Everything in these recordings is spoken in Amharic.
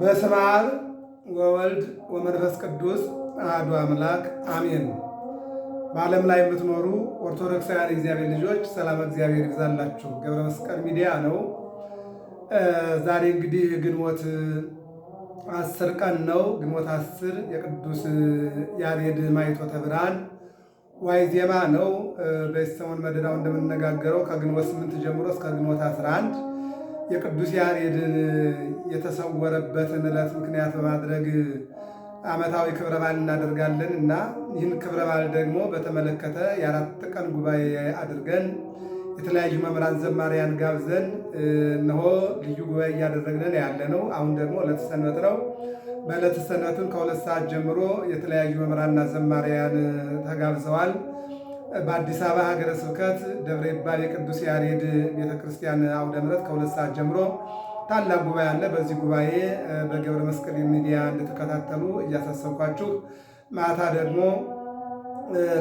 በስመ አብ ወወልድ ወመንፈስ ቅዱስ አሐዱ አምላክ አሜን። በዓለም ላይ የምትኖሩ ኦርቶዶክሳውያን እግዚአብሔር ልጆች ሰላም እግዚአብሔር ይብዛላችሁ። ገብረ መስቀል ሚዲያ ነው። ዛሬ እንግዲህ ግንቦት አስር ቀን ነው። ግንቦት አስር የቅዱስ ያሬድ ማኅቶተ ብርሃን ዜማ ነው። በሰሙን መደዳው እንደምንነጋገረው ከግንቦት ስምንት ጀምሮ እስከ ግንቦት አስራ አንድ የቅዱስ ያሬድን የተሰወረበትን ዕለት ምክንያት በማድረግ ዓመታዊ ክብረ በዓል እናደርጋለን እና ይህን ክብረ በዓል ደግሞ በተመለከተ የአራት ቀን ጉባኤ አድርገን የተለያዩ መምህራን ዘማሪያን ጋብዘን እነሆ ልዩ ጉባኤ እያደረግን ያለ ነው። አሁን ደግሞ ዕለተ ሰንበት ነው። በዕለተ ሰንበትም ከሁለት ሰዓት ጀምሮ የተለያዩ መምህራንና ዘማሪያን ተጋብዘዋል። በአዲስ አበባ ሀገረ ስብከት ደብረ ይባል የቅዱስ ያሬድ ቤተክርስቲያን አውደ ምሕረት ከሁለት ሰዓት ጀምሮ ታላቅ ጉባኤ አለ። በዚህ ጉባኤ በገብረ መስቀል ሚዲያ እንድትከታተሉ እያሳሰብኳችሁ ማታ ደግሞ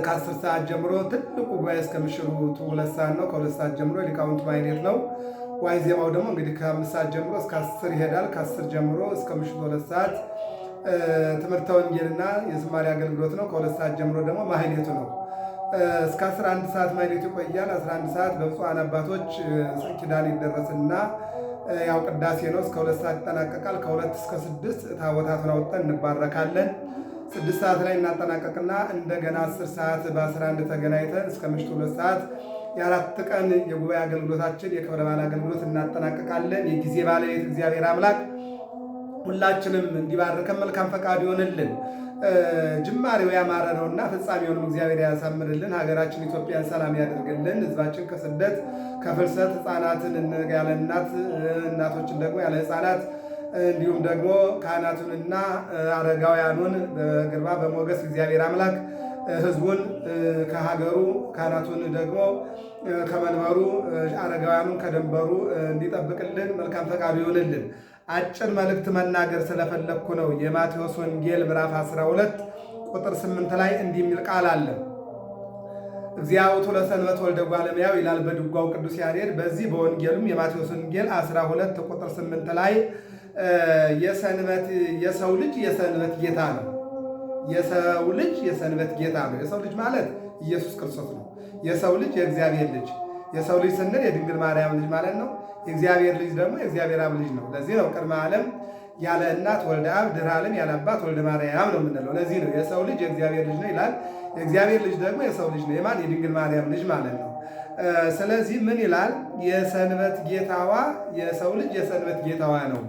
ከአስር ሰዓት ጀምሮ ትልቁ ጉባኤ እስከ ምሽቱ ሁለት ሰዓት ነው። ከሁለት ሰዓት ጀምሮ ሊቃውንት ማይሌት ነው። ዋይ ዜማው ደግሞ እንግዲህ ከአምስት ሰዓት ጀምሮ እስከ አስር ይሄዳል። ከአስር ጀምሮ እስከ ምሽቱ ሁለት ሰዓት ትምህርተ ወንጌልና የዝማሬ አገልግሎት ነው። ከሁለት ሰዓት ጀምሮ ደግሞ ማህሌቱ ነው። እስከ 11 ሰዓት ማለት ይቆያል። 11 ሰዓት በብፁዓን አባቶች ኪዳን ይደረስና ያው ቅዳሴ ነው እስከ ሁለት ሰዓት ይጠናቀቃል። ከሁለት እስከ ስድስት ታቦታቱን አውጥተን እንባረካለን። ስድስት ሰዓት ላይ እናጠናቀቅና እንደገና 10 ሰዓት በ11 ተገናኝተን እስከ ምሽቱ ሁለት ሰዓት የአራት ቀን የጉባኤ አገልግሎታችን የክብረ በዓል አገልግሎት እናጠናቀቃለን። የጊዜ ባለቤት እግዚአብሔር አምላክ ሁላችንም እንዲባርከን መልካም ፈቃድ ይሆንልን። ጅማሬው ያማረ ነውና ፍጻሜውንም እግዚአብሔር ያሳምርልን። ሀገራችን ኢትዮጵያን ሰላም ያደርግልን። ህዝባችን ከስደት ከፍልሰት ህፃናትን ያለ እናት እናቶችን ደግሞ ያለ ህፃናት እንዲሁም ደግሞ ካህናቱንና አረጋውያኑን በግርማ በሞገስ እግዚአብሔር አምላክ ህዝቡን ከሀገሩ ካህናቱን ደግሞ ከመንበሩ አረጋውያኑን ከደንበሩ እንዲጠብቅልን መልካም ፈቃዱ ይሆንልን። አጭር መልእክት መናገር ስለፈለግኩ ነው። የማቴዎስ ወንጌል ምዕራፍ 12 ቁጥር 8 ላይ እንዲህ የሚል ቃል አለ። እግዚአብሔር ለሰንበት ወልደ እጓለ እመሕያው ይላል በድጓው ቅዱስ ያሬድ። በዚህ በወንጌሉም የማቴዎስ ወንጌል 12 ቁጥር 8 ላይ የሰንበት የሰው ልጅ የሰንበት ጌታ ነው። የሰው ልጅ የሰንበት ጌታ ነው። የሰው ልጅ ማለት ኢየሱስ ክርስቶስ ነው። የሰው ልጅ የእግዚአብሔር ልጅ የሰው ልጅ ስንል የድንግል ማርያም ልጅ ማለት ነው። የእግዚአብሔር ልጅ ደግሞ የእግዚአብሔር አብ ልጅ ነው። ለዚህ ነው ቅድመ ዓለም ያለ እናት ወልደ አብ ድኅረ ዓለም ያለ አባት ወልደ ማርያም ነው የምንለው። ለዚህ ነው የሰው ልጅ የእግዚአብሔር ልጅ ነው ይላል። የእግዚአብሔር ልጅ ደግሞ የሰው ልጅ ነው። የማን የድንግል ማርያም ልጅ ማለት ነው። ስለዚህ ምን ይላል? የሰንበት ጌታዋ የሰው ልጅ የሰንበት ጌታዋ ነው።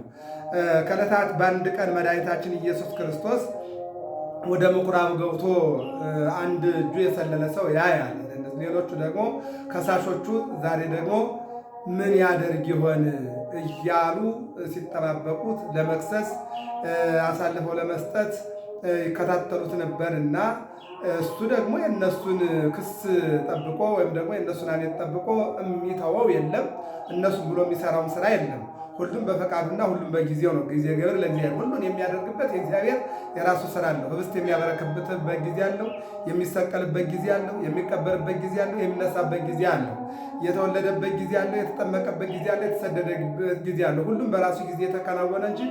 ከዕለታት በአንድ ቀን መድኃኒታችን ኢየሱስ ክርስቶስ ወደ ምኩራብ ገብቶ አንድ እጁ የሰለለ ሰው ያያል። ሌሎቹ ደግሞ ከሳሾቹ ዛሬ ደግሞ ምን ያደርግ ይሆን እያሉ ሲጠባበቁት ለመክሰስ አሳልፈው ለመስጠት ይከታተሉት ነበር እና እሱ ደግሞ የእነሱን ክስ ጠብቆ ወይም ደግሞ የእነሱን አቤት ጠብቆ የሚተወው የለም። እነሱ ብሎ የሚሰራውን ስራ የለም። ሁሉም በፈቃዱና ሁሉም በጊዜው ነው። ጊዜ ገብር ለእግዚአብሔር ሁሉን የሚያደርግበት የእግዚአብሔር የራሱ ስራ አለው። ህብስት የሚያበረክበት ጊዜ አለው። የሚሰቀልበት ጊዜ አለው። የሚቀበርበት ጊዜ አለው። የሚነሳበት ጊዜ አለው። የተወለደበት ጊዜ አለው። የተጠመቀበት ጊዜ አለው። የተሰደደበት ጊዜ አለው። ሁሉም በራሱ ጊዜ የተከናወነ እንጂ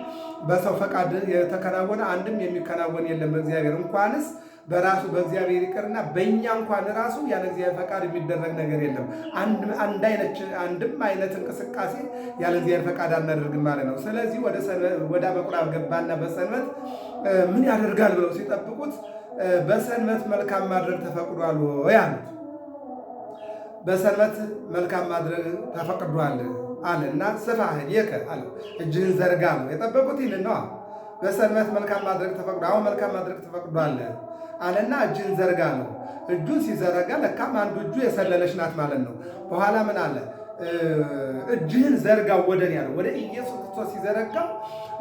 በሰው ፈቃድ የተከናወነ አንድም የሚከናወን የለም። እግዚአብሔር እንኳንስ በራሱ በእግዚአብሔር ይቅርና በእኛ እንኳን ራሱ ያለ እግዚአብሔር ፈቃድ የሚደረግ ነገር የለም። አንድ አንድም አይነት እንቅስቃሴ ያለ እግዚአብሔር ፈቃድ አናደርግም ማለት ነው። ስለዚህ ወደ መቁራብ ገባና በሰንበት ምን ያደርጋል ብለው ሲጠብቁት በሰንበት መልካም ማድረግ ተፈቅዷል ወይ በሰንበት መልካም ማድረግ ተፈቅዷል አለ እና ስፋ የከ አለ እጅህን ዘርጋ ነው የጠበቁት ይህንን ነዋ በሰንበት መልካም ማድረግ ተፈቅዶ አሁን መልካም ማድረግ ተፈቅዷል አለና እጅን ዘርጋ ነው። እጁን ሲዘረጋ ለካም አንዱ እጁ የሰለለች ናት ማለት ነው። በኋላ ምን አለ? እጅህን ዘርጋው ወደ እኔ ያለው ወደ ኢየሱስ ክርስቶስ ሲዘረጋው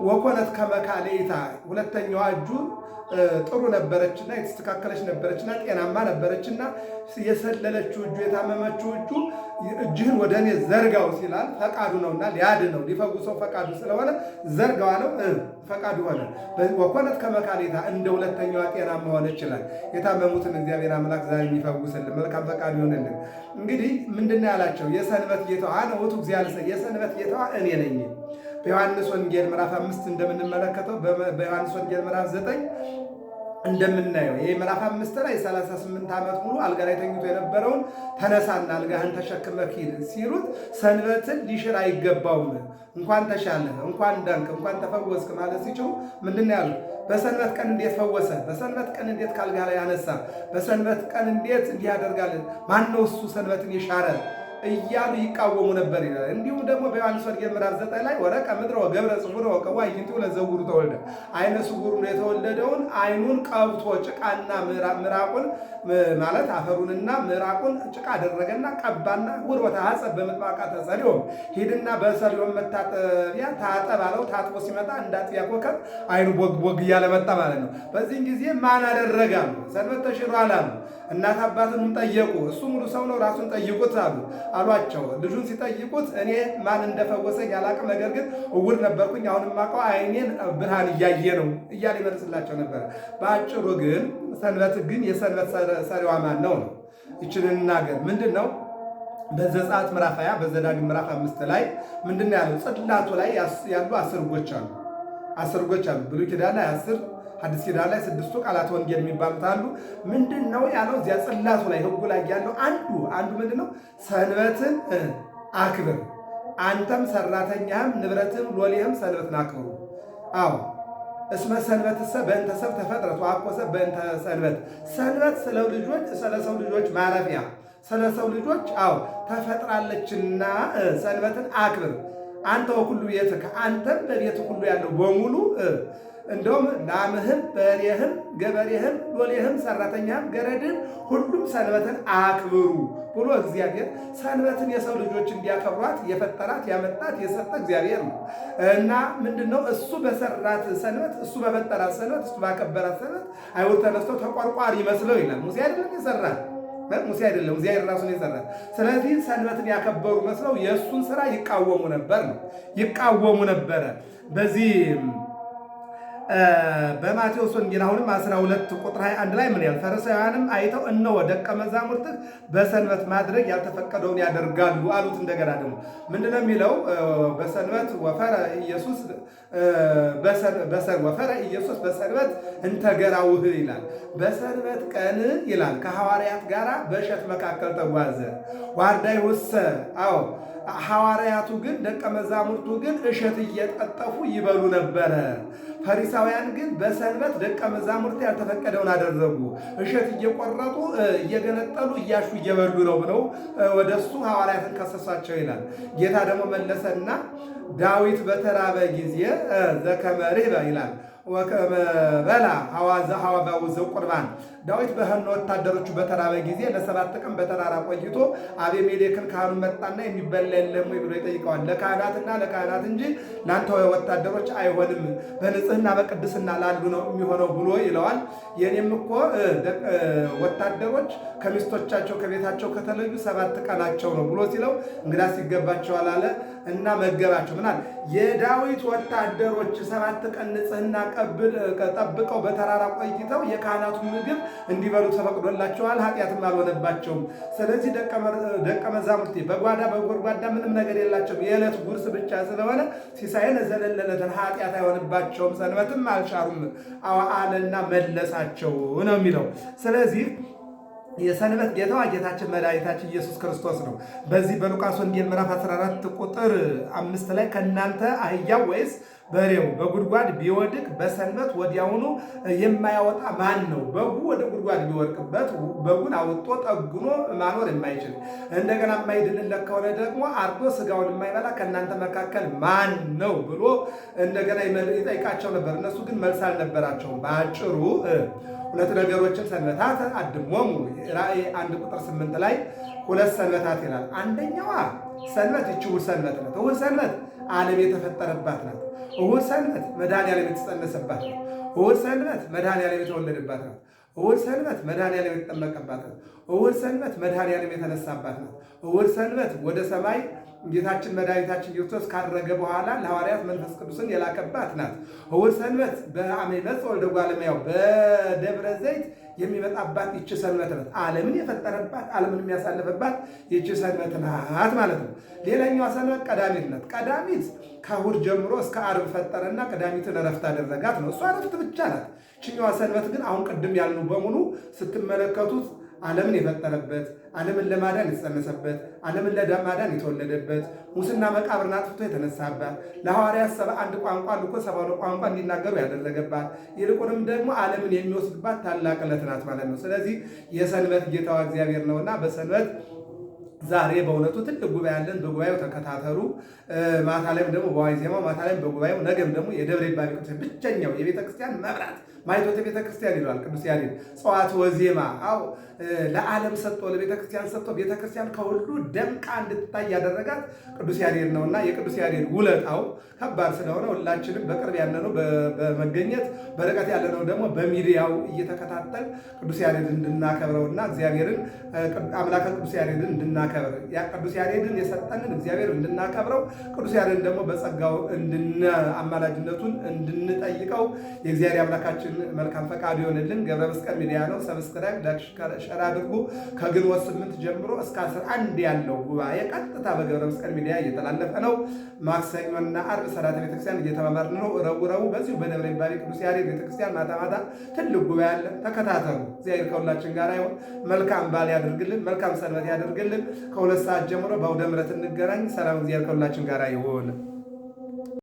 ወኮነት ከመካሌታ ሁለተኛዋ እጁ ጥሩ ነበረችና የተስተካከለች ነበረችና ጤናማ ነበረችና የሰለለችው እጁ የታመመችው እጁ እጅህን ወደ እኔ ዘርጋው ሲላል ፈቃዱ ነውና ሊያድነው ሊፈውሰው ፈቃዱ ስለሆነ ዘርጋው አለው። ፈቃዱ ሆነ። ወኮነት ከመካኔታ እንደ ሁለተኛዋ ጤናማ ሆነች ይላል። የታመሙትን እግዚአብሔር አምላክ ዛሬ የሚፈውስልን መልካም ፈቃዱ ይሆንልን። እንግዲህ ምንድን ነው ያላቸው የሰንበት ጌታዋ አነ ውእቱ እግዚአብሔር የሰንበት ጌታዋ እኔ ነኝ። በዮሐንስ ወንጌል ምዕራፍ አምስት እንደምንመለከተው በዮሐንስ ወንጌል ምዕራፍ ዘጠኝ እንደምናየው ይህ ምዕራፍ አምስት ላይ 38 ዓመት ሙሉ አልጋ ላይ ተኝቶ የነበረውን ተነሳና አልጋህን ተሸክመህ ሂድ ሲሉት ሰንበትን ሊሽር አይገባውም፣ እንኳን ተሻለህ፣ እንኳን ዳንክ፣ እንኳን ተፈወስክ ማለት ሲችሉ ምንድን ነው በሰንበት ቀን እንዴት ፈወሰ? በሰንበት ቀን እንዴት ከአልጋ ላይ ያነሳ? በሰንበት ቀን እንዴት እንዲህ ያደርጋል? ማነው እሱ ሰንበትን የሻረ? እያሉ ይቃወሙ ነበር ይላል። እንዲሁም ደግሞ በዮሐንስ ወንጌል ምዕራፍ ዘጠኝ ላይ ወረቀ ምድረ ወገብረ ጽጉር ወቀዋ ይንቱ ለዘውሩ ተወልደ አይነ ስውር ነው የተወለደውን አይኑን ቀብቶ ጭቃና ምራቁን ማለት አፈሩንና ምራቁን ጭቃ አደረገና ቀባና ውር ወታሐፀብ በምጥማቃ ተጸሪሆም ሂድና በሰሊሆም መታጠቢያ ታጠብ አለው። ታጥቦ ሲመጣ እንዳጥያ ኮከብ አይኑ ቦግ ቦግ እያለ መጣ ማለት ነው። በዚህን ጊዜ ማን አደረጋ ሰንበት ተሽሯል አሉ እናት አባትንም ጠየቁ። እሱ ሙሉ ሰው ነው፣ ራሱን ጠይቁት አሉ አሏቸው። ልጁን ሲጠይቁት እኔ ማን እንደፈወሰ አላቅም፣ ነገር ግን እውር ነበርኩኝ፣ አሁን አውቀው አይኔን ብርሃን እያየ ነው እያለ ይመልስላቸው ነበረ። በአጭሩ ግን ሰንበት ግን የሰንበት ሰሪዋ ማን ነው ነው ይችን እናገር ምንድን ነው? በዘጸአት ምዕራፍ 20 በዘዳግም ምዕራፍ አምስት ላይ ምንድን ነው ያለው? ጽላቱ ላይ ያሉ አስር ሕጎች አሉ። አስር ሕጎች አሉ ብሉይ ኪዳን ላይ አስር አዲስ ኪዳን ላይ ስድስቱ ቃላት ወንጌል የሚባሉት አሉ። ምንድን ነው ያለው? እዚያ ጽላቱ ላይ ህጉ ላይ ያለው አንዱ አንዱ ምንድን ነው? ሰንበትን አክብር፣ አንተም ሰራተኛህም ንብረትህም ሎሌህም ሰንበትን አክብሩ። አዎ እስመ ሰንበትሰ በእንተ ሰብእ ተፈጥረት ወአኮ በእንተ ሰንበት። ሰንበት ስለ ልጆች ስለ ሰው ልጆች ማረፊያ ስለ ሰው ልጆች አዎ ተፈጥራለችና ሰንበትን አክብር። አንተ ወኩሉ ቤትከ አንተም በቤት ሁሉ ያለው በሙሉ እንደውም ላምህም በሬህም ገበሬህም ሎሌህም ሰራተኛህም ገረድን ሁሉም ሰንበትን አክብሩ ብሎ እግዚአብሔር ሰንበትን የሰው ልጆች እንዲያከብሯት የፈጠራት ያመጣት የሰጠ እግዚአብሔር ነው እና ምንድን ነው እሱ በሰራት ሰንበት እሱ በፈጠራት ሰንበት እሱ ባከበራት ሰንበት አይሁድ ተነስተው ተቆርቋሪ ይመስለው ይላል። ሙሴ አይደለም የሰራት ሙሴ አይደለም እግዚአብሔር ራሱን የሰራት። ስለዚህ ሰንበትን ያከበሩ መስለው የእሱን ስራ ይቃወሙ ነበር ነው ይቃወሙ ነበረ በዚህ በማቴዎስ ወንጌል አሁንም 12 ቁጥር 21 ላይ ምን ያል ፈሪሳውያንም አይተው እነሆ ደቀ መዛሙርትህ በሰንበት ማድረግ ያልተፈቀደውን ያደርጋሉ አሉት። እንደገና ደግሞ ምንድነው የሚለው? በሰንበት ወፈረ ኢየሱስ ወፈረ ኢየሱስ በሰንበት እንተገራውህ ይላል። በሰንበት ቀን ይላል ከሐዋርያት ጋር በእሸት መካከል ተጓዘ ዋርዳይ ወሰ አዎ ሐዋርያቱ ግን ደቀ መዛሙርቱ ግን እሸት እየጠጠፉ ይበሉ ነበረ። ፈሪሳውያን ግን በሰንበት ደቀ መዛሙርት ያልተፈቀደውን አደረጉ። እሸት እየቆረጡ እየገነጠሉ እያሹ እየበሉ ነው ብለው ወደ እሱ ሐዋርያትን ከሰሷቸው ይላል። ጌታ ደግሞ መለሰና ዳዊት በተራበ ጊዜ ዘከመ ይላል ወከበላ ሐዋዘ ሐዋባውዘው ቁርባን ዳዊት በህኖ ወታደሮቹ በተራበ ጊዜ ለሰባት ቀን በተራራ ቆይቶ አቤሜሌክን ካህኑ መጣና የሚበላ የለም ወይ ብሎ ይጠይቀዋል። ለካህናትና ለካህናት እንጂ ለአንተ ወታደሮች አይሆንም፣ በንጽህና በቅድስና ላሉ ነው የሚሆነው ብሎ ይለዋል። የኔም እኮ ወታደሮች ከሚስቶቻቸው ከቤታቸው ከተለዩ ሰባት ቀናቸው ነው ብሎ ሲለው እንግዳስ ይገባቸዋል አለ። እና መገባቸው። ምናል የዳዊት ወታደሮች ሰባት ቀን ንጽሕና ጠብቀው በተራራ ቆይተው የካህናቱ ምግብ እንዲበሉ ተፈቅዶላቸዋል፣ ኃጢአትም አልሆነባቸውም። ስለዚህ ደቀ መዛሙርቴ በጓዳ በጎድጓዳ ምንም ነገር የላቸውም፣ የዕለት ጉርስ ብቻ ስለሆነ ሲሳይን ዘለለለትን ኃጢአት አይሆንባቸውም፣ ሰንበትም አልሻሩም አለና መለሳቸው ነው የሚለው ስለዚህ የሰንበት ጌታዋ ጌታችን መድኃኒታችን ኢየሱስ ክርስቶስ ነው። በዚህ በሉቃስ ወንጌል ምዕራፍ 14 ቁጥር አምስት ላይ ከእናንተ አህያው ወይስ በሬው በጉድጓድ ቢወድቅ በሰንበት ወዲያውኑ የማያወጣ ማን ነው? በጉ ወደ ጉድጓድ ቢወድቅበት በጉን አውጦ ጠግኖ ማኖር የማይችል እንደገና የማይድንለት ከሆነ ደግሞ አርዶ ስጋውን የማይበላ ከእናንተ መካከል ማን ነው ብሎ እንደገና ይጠይቃቸው ነበር። እነሱ ግን መልስ አልነበራቸውም። በአጭሩ ሁለት ነገሮችን ሰንበታት አድሞሙ ራእይ አንድ ቁጥር ስምንት ላይ ሁለት ሰንበታት ይላል። አንደኛዋ ሰንበት ይች እሑድ ሰንበት ናት። እሑድ ሰንበት ዓለም የተፈጠረባት ናት። እሑድ ሰንበት መድኃኒዓለም የተጸነሰባት ናት። እሑድ ሰንበት መድኃኒዓለም የተወለደባት ናት። እሑድ ሰንበት መድኃኒዓለም የተጠመቀባት ናት። እሑድ ሰንበት መድኃኒዓለም የተነሳባት ናት። እሑድ ሰንበት ወደ ሰማይ ጌታችን መድኃኒታችን ኢየሱስ ካረገ በኋላ ለሐዋርያት መንፈስ ቅዱስን የላከባት ናት። እሑድ ሰንበት በአመይ መጽ ወልደ ጓለማያው በደብረ ዘይት የሚመጣባት ይች ሰንበት ናት። ዓለምን የፈጠረባት ዓለምን የሚያሳልፍባት ይቺ ሰንበት ናት ማለት ነው። ሌላኛዋ ሰንበት ቀዳሚት ናት። ቀዳሚት ከእሑድ ጀምሮ እስከ ዓርብ ፈጠረና ቀዳሚትን እረፍት አደረጋት ነው። እሷ እረፍት ብቻ ናት። ችኛዋ ሰንበት ግን አሁን ቅድም ያልኑ በሙሉ ስትመለከቱት ዓለምን የፈጠረበት፣ ዓለምን ለማዳን የተጸነሰበት፣ ዓለምን ለማዳን የተወለደበት፣ ሙስና መቃብርን አጥፍቶ የተነሳባት፣ ለሐዋርያት ሰባ አንድ ቋንቋ ልኮ ሰባ ሁለት ቋንቋ እንዲናገሩ ያደረገባት፣ ይልቁንም ደግሞ ዓለምን የሚወስድባት ታላቅ ዕለት ናት ማለት ነው። ስለዚህ የሰንበት ጌታዋ እግዚአብሔር ነውና በሰንበት ዛሬ በእውነቱ ትልቅ ጉባኤ ያለን፣ በጉባኤው ተከታተሉ። ማታ ላይም ደግሞ በዋዜማው ማታ ላይም በጉባኤው ነገም ደግሞ የደብረ ይባቤ ቅዱስ ብቸኛው የቤተክርስቲያን መብራት ማይቶት ቤተክርስቲያን ይለዋል ቅዱስ ያሬድ። ጸዋት ወዜማ አው ለዓለም ሰጥቶ ለቤተክርስቲያን ሰጥቶ ቤተክርስቲያን ከሁሉ ደምቃ እንድትታይ ያደረጋት ቅዱስ ያሬድ እና የቅዱስ ያሬድ ውለታው ከባድ ስለሆነ ሁላችንም በቅርብ ያለነው በመገኘት በርቀት ያለነው ደግሞ በሚዲያው እየተከታተል ቅዱስ ያሬድ እና እግዚአብሔርን አምላከ ቅዱስ ያሬድን እንድና እንድናከብር ቅዱስ ያሬድን የሰጠንን እግዚአብሔር እንድናከብረው ቅዱስ ያሬድን ደግሞ በጸጋው አማላጅነቱን እንድንጠይቀው የእግዚአብሔር አምላካችን መልካም ፈቃዱ ይሆንልን። ገብረ መስቀል ሚዲያ ነው። ሰብስክራይብ ሸር አድርጉ። ከግንቦት ስምንት ጀምሮ እስከ አንድ ያለው ጉባኤ ቀጥታ በገብረ መስቀል ሚዲያ እየተላለፈ ነው። ማክሰኞና አርብ ሰራተ ቤተክርስቲያን እየተማማርን ነው። በዚሁ በደብረ ቅዱስ ያሬድ ቤተክርስቲያን ማታ ማታ ትልቅ ጉባኤ አለ። ተከታተሉ። እግዚአብሔር ከሁላችን ጋር ይሁን። መልካም በዓል ያደርግልን፣ መልካም ሰንበት ያደርግልን። ከሁለት ሰዓት ጀምሮ በአውደ ምሕረት እንገናኝ። ሰላም፣ እግዚአብሔር ከሁላችን ጋር ይሁን።